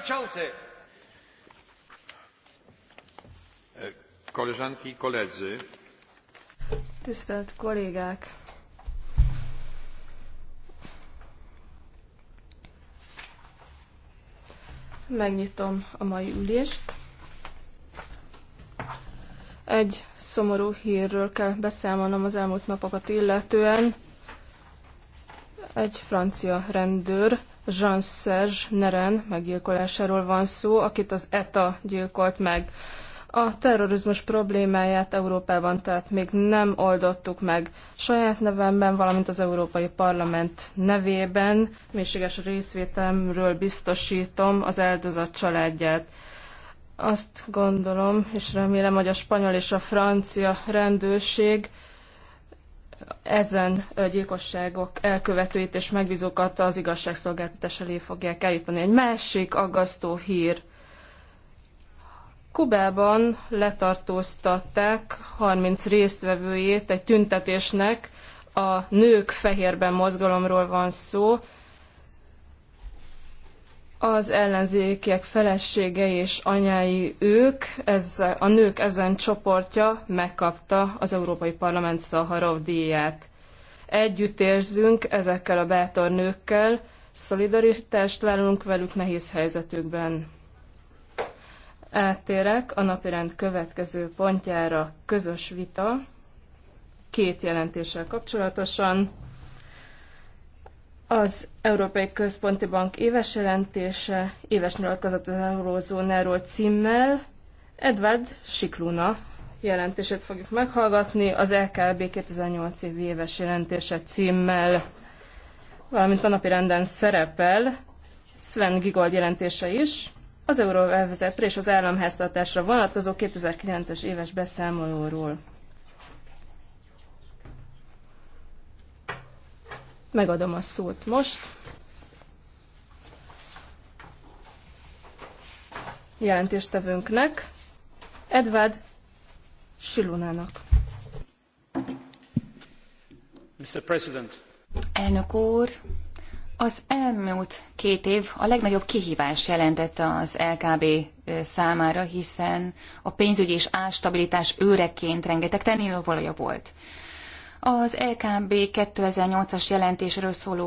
przewodniczący! E, koleżanki i koledzy. Tisztelt kollégák! Megnyitom a mai ülést. Egy szomorú hírről kell beszámolnom az elmúlt napokat illetően. Egy francia rendőr Jean-Serge Neren meggyilkolásáról van szó, akit az ETA gyilkolt meg. A terrorizmus problémáját Európában tehát még nem oldottuk meg. Saját nevemben, valamint az Európai Parlament nevében mélységes részvételemről biztosítom az áldozat családját. Azt gondolom és remélem, hogy a spanyol és a francia rendőrség ezen gyilkosságok elkövetőit és megbízókat az igazságszolgáltatás elé fogják állítani. Egy másik aggasztó hír. Kubában letartóztatták 30 résztvevőjét egy tüntetésnek, a nők fehérben mozgalomról van szó, az ellenzékiek feleségei és anyái ők, ez, a nők ezen csoportja megkapta az Európai Parlament Szaharov díját. Együtt érzünk ezekkel a bátor nőkkel, szolidaritást vállalunk velük nehéz helyzetükben. Áttérek a napirend következő pontjára közös vita két jelentéssel kapcsolatosan. Az Európai Központi Bank éves jelentése, éves nyilatkozat az eurózónáról címmel Edward Sikluna jelentését fogjuk meghallgatni, az LKB 2008 évi éves jelentése címmel, valamint a napi renden szerepel Sven Gigold jelentése is, az euróvezetre és az államháztartásra vonatkozó 2009-es éves beszámolóról. Megadom a szót most. Jelentéstevőnknek, Edvard Silunának. Mr. President. Elnök úr, az elmúlt két év a legnagyobb kihívás jelentette az LKB számára, hiszen a pénzügyi és ástabilitás őreként rengeteg tennivalója volt az LKB 2008-as jelentésről szóló